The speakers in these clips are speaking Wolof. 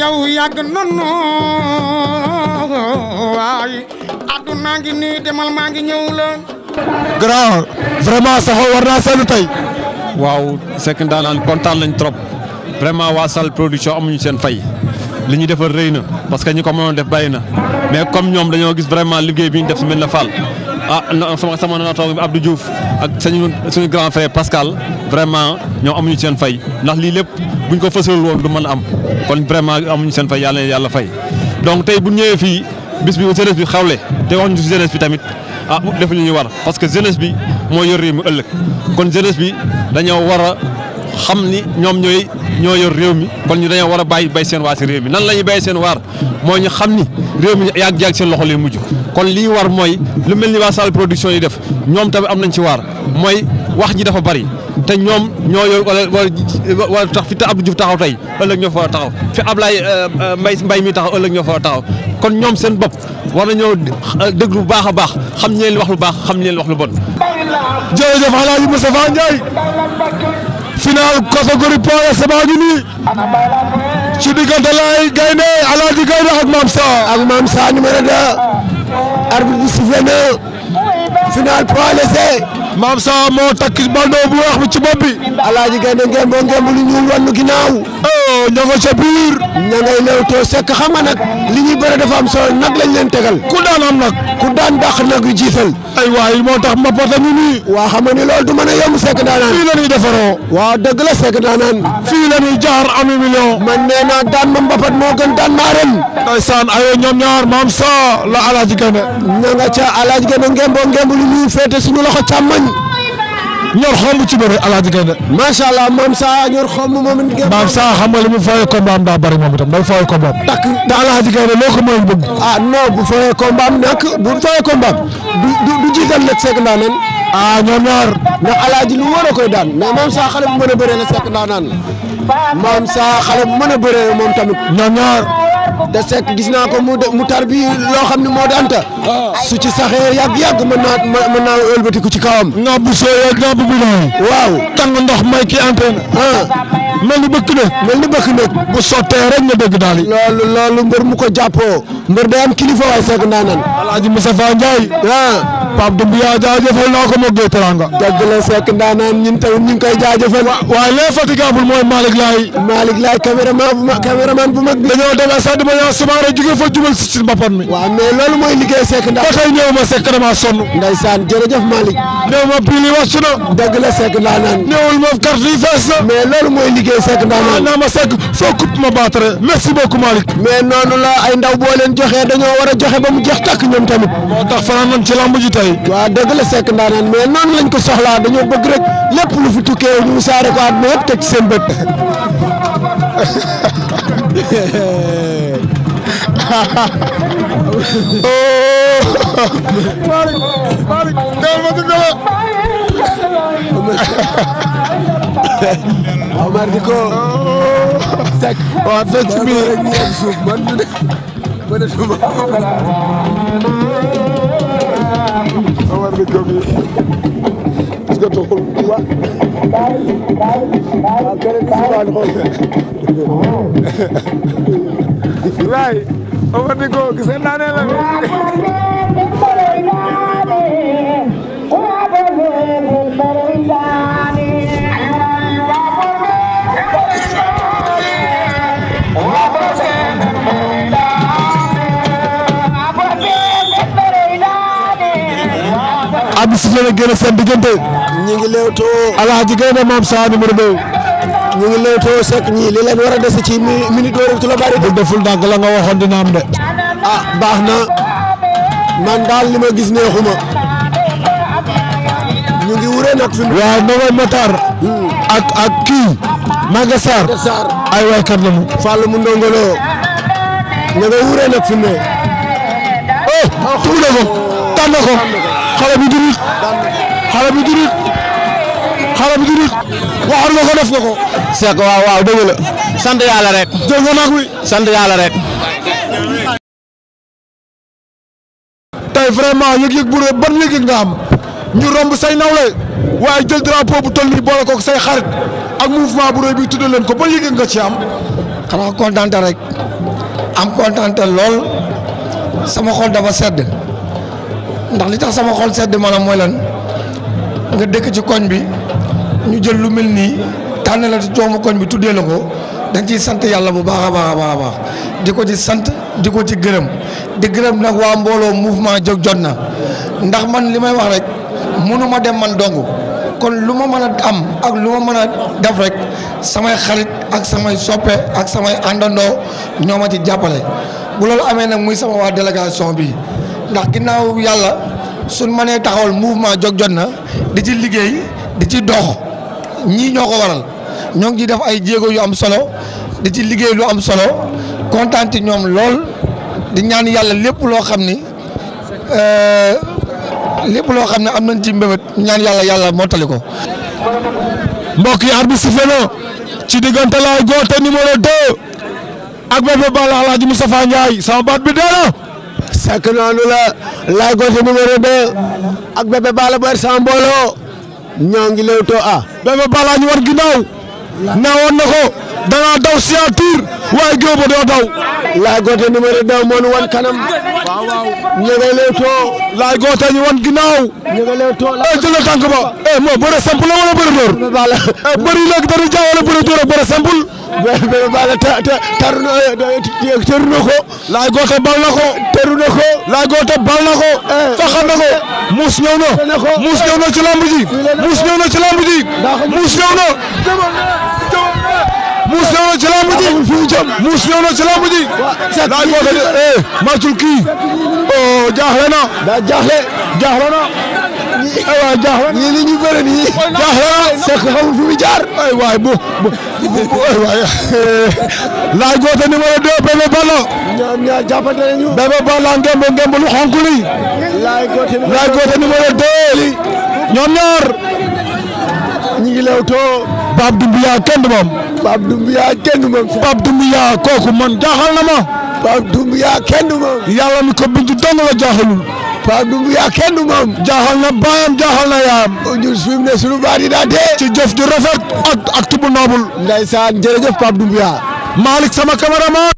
yow yàgg nonu waaye adduna ngi ni demal maa ngi ñëw la. grand vraiment sax war naa seetlu tey. waaw Seck daanaan kontaan lañ trop vraiment waa Saal production amuñu seen fay li ñu defal rëy na parce que ñi ko mënoon def bàyyi na mais comme ñoom dañoo gis vraiment liggéey bi ñu def si mel na Fall. ah sama sama na toog Abdou Diouf ak sañu suñu grand frère Pascal vraiment ñoom amuñu sen fay ndax li lepp buñ ko fësalul woon du mën am kon vraiment amuñu sen fay yalla yalla fay donc tay bu ñëwee fi bis bi jeunesse bi xawlé té wax ñu jeunesse bi tamit ah defu ñu war parce que jeunesse bi mo yor réew mi ëllëg kon jeunesse bi dañoo wara a xam ni ñoom ñooy ñoo yor réew mi kon ñu dañoo wara a bay seen waasi réew mi nan lañu bay bàyyi seen waar moo ñu xam ni réew mi yàgg-yàgg seen loxo lay mujj kon li war mooy lu mel ni waa Sall production yi def ñoom tamit am nañ ci waar mooy wax ji dafa bari te ñoom ñoo yor wala wala tax fi te Abdou Diouf taxaw tey ëllëg ñoo fa war a taxaw fi Ablaye euh, euh, Mbaye Mbaye mi taxaw ëllëg ñoo fa taxaw kon ñoom seen bopp war nañoo déglu bu baax a baax xam ñeen li wax lu baax xam ñeen li wax lu bon. jërëjëf El Hadj Moustapha Ndiaye final catégorie poids sama gi nii ci diggante laay gaynde El Hadj gaynde ak Mame Sarr ak Mame Sarr numéro 2. arbitre bi sifflé na final point laissé Mame Sow moo takk bandeau bu weex bi ci bopp bi alaaji gande gembo gembo ngeen ñu wonu ginaaw oh ñoo nga ca biir ña ngay leew too li ñuy bëre dafa am solo nak lañ leen tegal ku daan am nak ku daan dakh nak yu jiital ay waay mo tax ma pota ñu ni wa xama ni lool du mëna yom sek sekk fi lañu defaro wa defaroo la sek daanaan fi lañu jaar am million man neena daan ma mbapat mo gën daan maa ren saan ay ñom ñaar maam sa la alaaji gande ña nga ca alaaji gande gembo gembo ngeen ñu ñuy suñu loxo chamagne ñor xomb ci bëri alaaji gaynde macha allah maam saa ñor xomb moom it. maam saa xam nga li mu fooyee combat am daa bëri moom itam day fooyee combat am. takk te alaaji gaynde loo ko mën bëgg. ah non bu fooyee combat am nag bu fooyee combat am du du du jiital nag seeg naa leen. ah ñoom ñaar. lu war a koy daan mais maam saa xale bu a bëree la seeg naa naan la maam saa bu mën a bëree moom tamit. ñoom ñaar. te Seck gis naa ko mu mu tar bi loo xam ne moo danta su ci saxee yàgg-yàgg ma naa mën naa ëlbatiku ci kawam. naa bu sooyee naa bu bilaay. waaw tàng ndox may ki antenne. Ah. mel ni bëkk nag mel ni bëkk nag bu sottee rek nga dégg daal loolu loolu mbër mu ko jàppoo. mbër day am kilifa waay Seck ndaa nan. Alaaji Moustapha Ndiaye. Ah. Pape Doumbia jaajëfal naa ko moog Gueye Teranga. dëgg la Seck ndaanaan ñun tamit ñu ngi koy jaajëfal. waaye les fatigables mooy Malick Laye. Malick Laye caméraman bu mag caméraman bu mag bi. dañoo dem stade ba ñaa subaare jóge fa jubal si si mbappan ma Seck damaa sonn. ndeysaan jërëjëf Malick. na. dëgg la Seck ndaanaan. ñëwul ma carte yi fees na. mais loolu noonu la ay ndaw boo leen dañoo war a joxe ba mu jeex ñoom tamit. moo tax fanaan nañ ci lamb Ndoye waaw dëgg la Seck ndaanaan mais noonu lañ ko soxlaa dañoo bëgg rek lépp lu fi tukkee ñu saare ko àdduna yëpp teg ci seen bët Omar di ko Seck waaw fekk si biir I nga jóge to nga taxul wa waaw keneen subaan xool laay Awar di ko gis nga ab sifflé na génn seen diggante. ñu ngi leewtoo. Alaaji Gaynde Maam Saa numéro 2. ñu ngi leewtoo Seck ñii li leen war a dese ci minute wala tu la bari. bu deful ndànk la nga waxoon dina de. a ah, baax na man daal li ma gis neexuma. ñu ngi wuree nag fi mu. waaw Ndongo Matar. Hmm. ak ak kii. Maga Sarr ay waay kat la mu. Fallou mu Ndongo Lo. wuree nag fi ne. oh tugu ko tànn xale bu durut xale bu durut xale def nga ko. Seck waaw waaw dëgg la sant yàlla rek. dégg nga nag wi sant yàlla rek. tey vraiment yëg-yëg bu rëy ban yëg-yëg nga am ñu romb say nawle waaye jël drapeau bu toll nii boole koog say xarit ak mouvement bu rëy bi tuddee ko ba yëg-yëg nga ci am. xanaa kontaan rek am kontaan lool sama xol dafa sedd. ndax li tax sama xol sedd ma la mooy lan nga dëkk ci koñ bi ñu jël lu mel nii tànn la ci doomu koñ bi tuddee la ko dañ ciy sant yàlla bu baax a baax a baax di ko ci sant di ko ci gërëm di gërëm nag waa mbooloo mouvement jóg jot na ndax man li may wax rek mënu ma dem man dong kon lu ma mën a am ak lu ma mën a def rek samay xarit ak samay soppe ak samay àndandoo ñoo ma ci jàppale bu loolu amee nag muy sama waa délégation bii ndax ginnaaw yàlla suñ mënee taxawul mouvement jog jot na di ci liggéey di ci dox ñii ñoo ko waral ñoo ngi ciy def ay jéego yu am solo di ci liggéey lu am solo kontaan ci ñoom lool di ñaan yàlla lépp loo xam ni euh, lépp loo xam ne am nañ ci mbébét ñaan yàlla yàlla moo ko. mbokk yi arbitre sifflé na ci diggante Laye Gothé numéro 2 ak Bébé Balla Alhaji Moustapha Ndiaye sama baat bi dee na Seck noonu la Laye Gossé numéro 2 ak Bébé Balla Boy Sam Mbooloo ñoo ngi lewtoo a Bébé Balla war ginnaaw naawoon na ko danaa daw signature waaye géew ba doo daw. Laye Gothé numéro 2 moo ñu wan kanam. waaw waaw ñu ngi lay too. Laye Gothé ñu wan ginnaaw. ñu ngi lay too laay eh, jël tànk ba. Eh, moo bëre la wala bëre door. Eh, bëri léegi dana jaawale bëre door ak bëre simple. bëre ko. Laye Gothé bal na ko. teru ko. Laye Gothé bal na ko. faxal ko. muus na. muus ñëw na ci lamb ji. muus ñëw na ci lamb ji. muus ñëw na. muus ñëw na ci lamb ji muus ñëw na ci lamb ji laaj boo eh, oh, jaaxle na jaaxle jaaxle na aywa jaaxle na ñii ni ñu bëri nii jaaxle na balla ngemb ngemb lu xonk li laaj goote numéro deux ñoom ñaar ñi ngi lew too baab dumbiya kenn du Pape Doumbia kenn du moom. Pape Doumbia kooku man jaaxal na ma. Pape Doumbia kenn du moom. yàlla mi ko bind dong la jaaxalul. Pape Doumbia kenn du moom. jaaxal na baayam jaaxal na yaayam. ñun suñu ne suñu baat yi daa dee. ci jëf ju rafet ak ak tubu noobul. ndeysaan jërëjëf Pape Doumbia. Malick sama cameraman.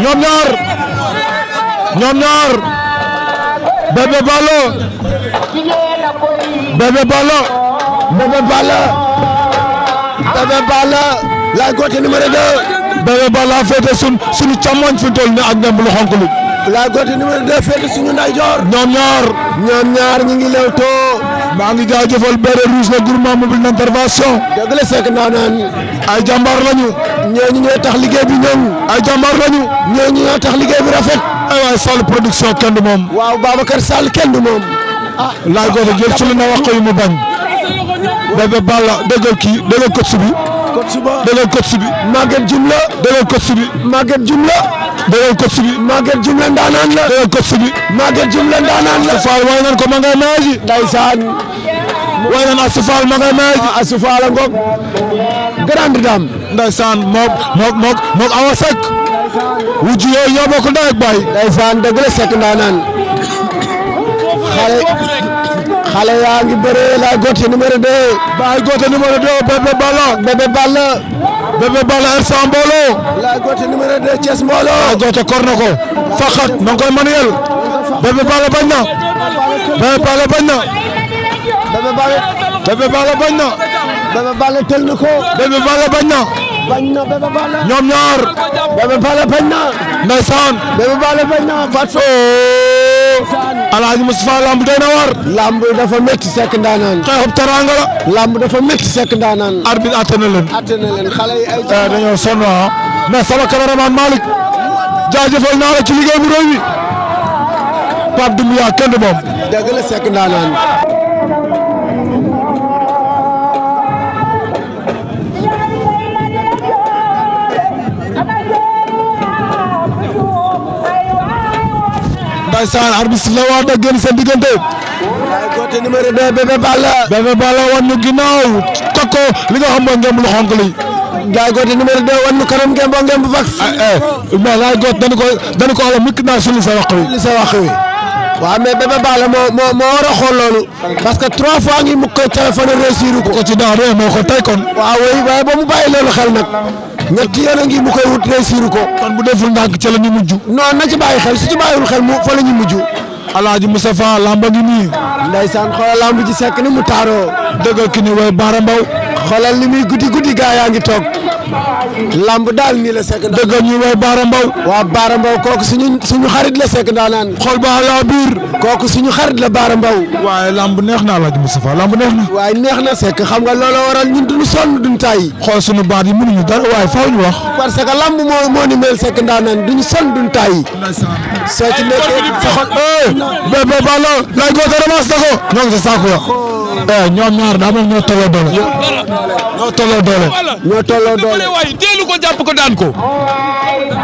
ñoom ñaar ñoom ñaar. Bébé Balo. bebe Balo. bebe Balo. Bébé Balla Laye Gothé numéro 2. Bébé Balla féete sun sunu càmmoñ fi toll nii ak ñoom lu xonk lu. Laye Gothé numéro 2 féete suñu ndeyjoor. ñoom ñaar. ñoom ñaar ñu ngi lewtoo. maa ngi jaajëfal béere rouge la groupement mobile d'intervention. dëgg la Seck naa naan. ay jàmbaar lañu. ñooñu ñoo tax liggéey bi ñoom. ay jàmbaar lañu. ñooñu ñoo tax liggéey bi rafet. ay waay Sall production moom. waaw Babacar Sall kenn du moom. ah Laye Gothé jël ci lu na wax ko mu bañ. Bébé Balla dëggal kii dëggal coach bi. coach ba dëggal coach bi. Maguette Dioum la. dëggal coach bi. Maguette Dioum la. dëggal coach bi. Maguette Dioum la ndaanaan la. dëggal coach bi. Maguette Dioum la ndaanaan la. Asoufaal way nan ko ma ngay maa ji. ndeysaan. way nan Asoufaal ma ngay maa ji. Asoufaal ah, a ngoog. grande dame. ndeysaan moog moog moog moog Awa Seck. wujju yooyu ñoo bokk ndey ak baay. ndeysaan dëgg la Seck ndaanaan. xale. xale yaa ngi bëree Laye Gothie numéro 2. Laye Gothie numéro 2 Bébé Balla. Bébé Balla. Bébé Balla instant mbooloo. Laye Gothie numéro 2 Thiès mbooloo. Laye Gothie kor na ko. Faxat ma ngi koy manuel. Bébé ko. Bébé ñoom ñaar. Bébé Balla bañ na. ndeysaan. Bébé Balla bañ alaaji Moustapha lamb doy na war lamb dafa métti sekk ndaanaan xeexub teraanga la lamb dafa métti sekk ndaanaan arbitre atte na leen atte na leen xale yi ay eh, dañoo sonn ah. mais sama cameraman Malick jaajëfal naa la ci liggéey bu rëy bi Pape Doumbia kenn du moom dëgg la sekk ndaanaan Mbaye Sarr arbitre sifflé waat na génn seen diggante. waaye Gothé numéro 2 Bébé Balla. Bébé Balla wan ñu ginnaaw takk ko li nga xam mooy ngeen lu xonk li. Ndiaye Gothé numéro 2 wan ñu kanam ngeen boo ngeen bu vax. Ah, eh, mais laay Gothé dañu ko dañu ko wala mukk naa sulli sa wax wi. a xool loolu. parce que trois fois ngi mu ko ko. ko ci moo ko tey kon. waaw waaye ba mu loolu xel nag. ñetti yoon a ngi mu koy wut réussir ko. kon bu deful ndànk ca la ñu mujj. non na ci bàyyi xel su ci xel mu fa la ñu mujj. Alaaji Moustapha lamba ngi nii. ndeysaan xoolal lamb ji ni mu taaroo. dëgg ki ni way Baara Mbaw. xoolal li muy guddi guddi gaa yaa ngi toog. lamb daal nii la sekk ndaanaan dëgg ñu way Baara Mbow waa Baara Mbow kooku suñu suñu xarit la sekk ndaanaan xool ba la biir kooku suñu xarit la Baara Mbow waaye lamb neex na Alaaji Moustapha lamb neex na waaye neex a sekk a nga looloo waral ñun duñu sonn duñ tàyyi xool suñu baat yi mënuñu dara waaye faaw ñu wax parce que lamb moo moo ni mel sekk ndaanaan duñu sonn duñ tàyyi soo ci nekkee sa xol bébé balo lay goota ramas na ko ñoo ngi sa saako ya Eh, ñoom ñaar daa ñoo tolloo doole. ñoo tolloo doole. ñoo tolloo doole waaye teelu ko jàpp ko daan ko.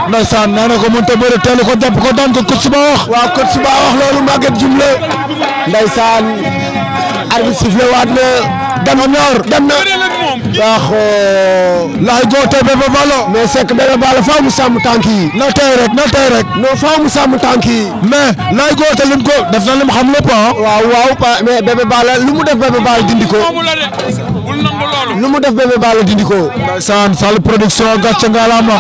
ndeysaan nee na ko mënut a bëri teelu ko jàpp ko daan ko coach ba wax. waaw coach ba loolu Maguette Jumlé. ndeysaan arbitre sifflé waat na dem ñoor dem ndax laay eh, goote Bébé Balo mais c'est que Bébé Balo faaw mu sàmm na tey na tey rek non faaw mu sàmm tànk yi mais laay goote lim ko def na lim xam ah. Balo lu mu def Bébé Balo dindi ko lu production gàcce ngalama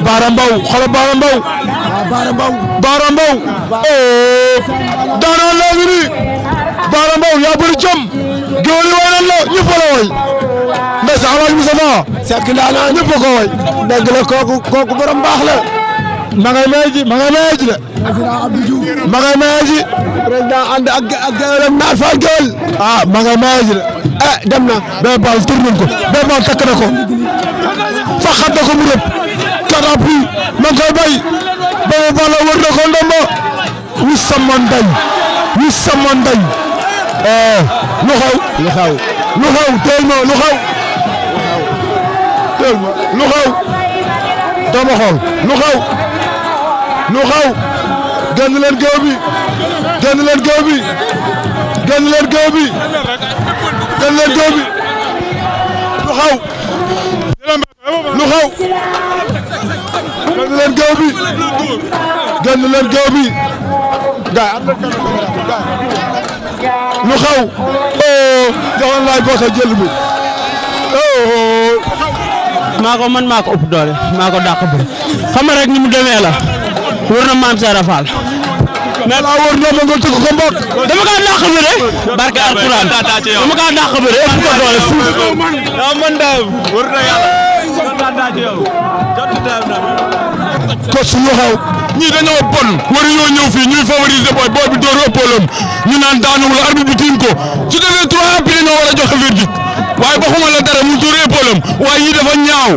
Baara Mbow xoolal Baara Mbow ah, Baara Mbow oh, Baara Mbow yaa bëri jom géwél yi Mbese Alaaji Moustapha. Seck naa la ñëpp ko woy. dégg la kooku kooku borom baax la. ma ngay may ji ma ngay may ji de. président Abdou Diouf. ma ngay may ji. président ànd ak ak naar fa géwél. ah ma ngay may ji de. eh dem na. Bébé Baal tur nañ fa xam na ko mu rëb. cata pluie. ma ngi koy bay. Bébé Baal war na eh, lu xaw lu xaw. lu xew teel ma lu xew. teel ma lu xew. dama xool lu xew. lu xew. génn leen géew bi. génn leen bi. génn leen géew bi. génn bi. lu xaw oh, joxoon laay gosa jël bi oh. maa ko man maa ko ëpp doole maa ko dàq bëri xam nga rek ni mu demee la wër na maam Sara Fall mais la wër na ma nga tëgg ko mbokk dama kaa dàq bëri barke alquran dama kaa dàq bëri ëpp ko doole fuuf daa ah, man daam wër na yàlla ko su lu xaw ñii dañoo bon waruñoo ñëw fii ñuy favoriser booy booy bi door ëppalom ñu naan daanu la arbitre bi tiim ko su defee trois appuis dañoo war a joxe verdict waaye waxuma la dara mu door ëppalom waaye yii dafa ñaaw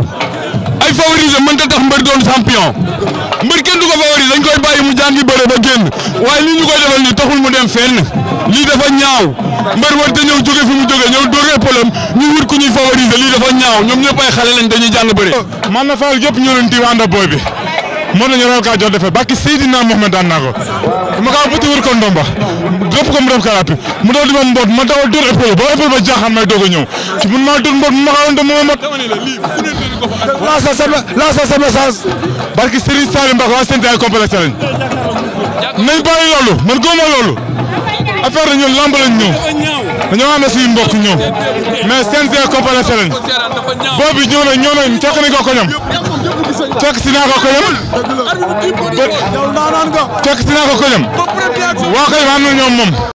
ay favoriser mën ta tax mbër doon champion mbër kenn du ko favoriser dañ koy bàyyi mu jàngi bëre ba génn waaye lii ñu koy defal nii taxul mu dem fenn lii dafa ñaaw mbër war te ñëw jóge fi mu jóge ñëw door ëppalom ñu wut ku ñuy favoriser lii dafa ñaaw ñoom ñëpp ay xale lañ dañuy jàng bëre man na faal yëpp ñu leen di ànd bi mën nañu raw kaa jot defee bàkki Seydina Mohamed daan naa ko ma kaa bëti wër ko ndomba gëpp ko mu def kalaat mu doon di ma mboot ma dawal dóor épaule ba épaule ba jaaxaan may doog a ñëw ci mun maa dóor mboot ma xaw a ma mot. lancer sa lancer sa message. barki Serigne Salim loolu man góoma loolu affaire la ñun lamb lañ ñëw dañoo xam ne suñu mbokk ñëw mais Sénégal complexe lañ boobu na ñëw na tekk nañ ko ko fekk si naa ko këram. fekk si naa ko këram. waaw kay ma am na ñoom moom.